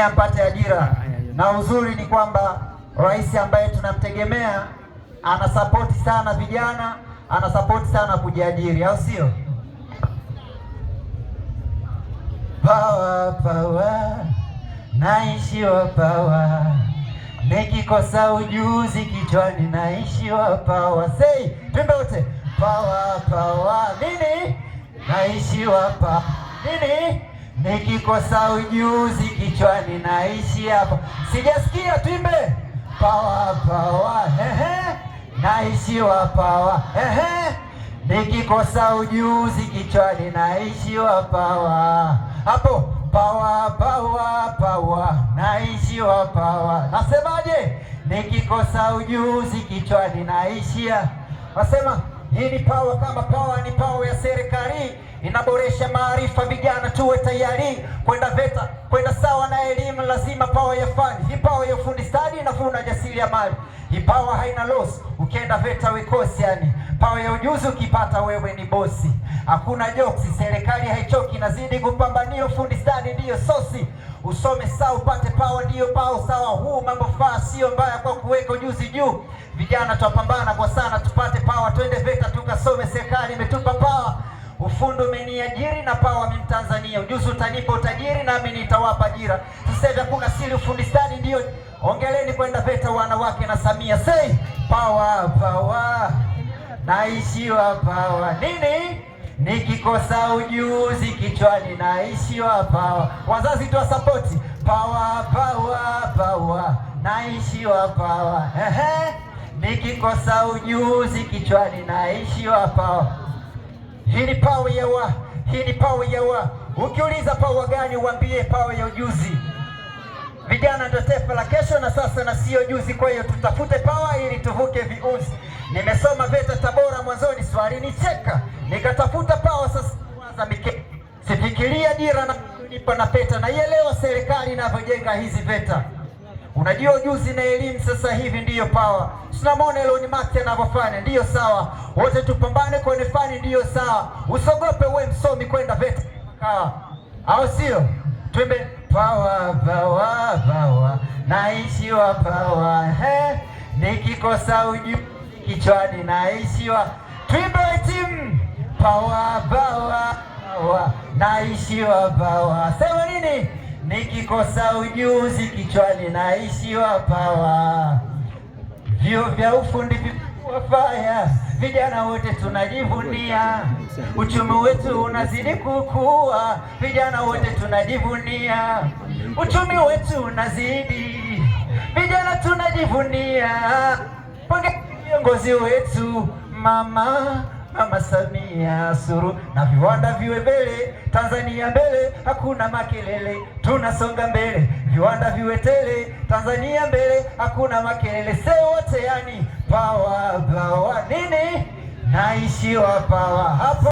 apate ajira, ah, na uzuri ni kwamba rais ambaye tunamtegemea anasapoti sana vijana, anasapoti sana kujiajiri, au sio? Pawa pawa, naishiwa pawa, nikikosa ujuzi kichwani naishiwa pawa. Sei, twende wote, pawa pawa nini, naishiwa pawa nini nikikosa ujuzi kichwani naishi hapa. Sijasikia tuimbe pawa pawa, ehe, naishiwa pawa, ehe, nikikosa ujuzi kichwani wa pawa, hapo pawa pawa pawa, wa pawa. Nasemaje? nikikosa ujuzi kichwani naishia, nasema hii ni pawa, kama pawa ni pawa ya serikali inaboresha maarifa. Vijana tuwe tayari kwenda VETA, kwenda sawa na elimu. Lazima pawa ya fani, hipawa ya ufundi stadi, na funa jasiri ya mali, hipawa haina loss. Ukienda VETA wekosi, yani pawa ya ujuzi ukipata, wewe ni bosi, hakuna joksi. Serikali haichoki, nazidi kupambania ufundi stadi, ndiyo sosi Usome saa upate pawa, ndiyo pao sawa. Huu mambo faa sio mbaya kwa kuweka ujuzi juu. Vijana tuwapambana kwa sana tupate pawa, twende VETA tukasome, serikali imetupa fundi umeniajiri na pawa mimi Mtanzania, ujuzi utanipa utajiri nami nitawapa ajira. Sasa hivi hakuna siri, fundi stadi ndio. Ongeleni kwenda VETA wanawake na Samia, Say pawa pawa, naishiwa pawa nini nikikosa ujuzi kichwani naishiwa pawa. Wazazi tu support. pawa pawa pawa, naishiwa pawa. Ehe, nikikosa ujuzi kichwani naishiwa pawa. Hii ni pawe ya wa, hii ni pawe ya wa. Ukiuliza pawa gani, uambie pawe ya ujuzi. Vijana ndio taifa la kesho na sasa na sio juzi. Kwa hiyo tutafute pawa ili tuvuke viunzi. Nimesoma VETA Tabora, mwanzoni swali ni cheka, nikatafuta pawa sasa kuanza mike sifikiria dira na nipo na peta, naielewa serikali inavyojenga hizi VETA. Unajua ujuzi na elimu sasa hivi ndiyo pawa. Tunamwona Elon Musk anavyofanya, ndiyo sawa. Wote tupambane kwenye fani, ndiyo sawa. Usogope uwe msomi kwenda VETA kawa, au sio? Twimbe power, power, pawa, naishiwa power. he, nikikosa ujuzi kichwani naishiwa. Twimbe timu power, power, pawa, naishiwa power. sema nini? nikikosa ujuzi kichwani naishiwa wapawa vyo vya ufundi viwafaya vijana wote tunajivunia, uchumi wetu unazidi kukua, vijana wote tunajivunia, uchumi wetu unazidi, vijana tunajivunia. Pongeza viongozi wetu mama Mama Samia suru na viwanda viwe mbele, Tanzania mbele, hakuna makelele, tunasonga mbele, viwanda viwe tele, Tanzania mbele, hakuna makelele, se wote yani pawa pawa nini, naishi wa pawa hapo.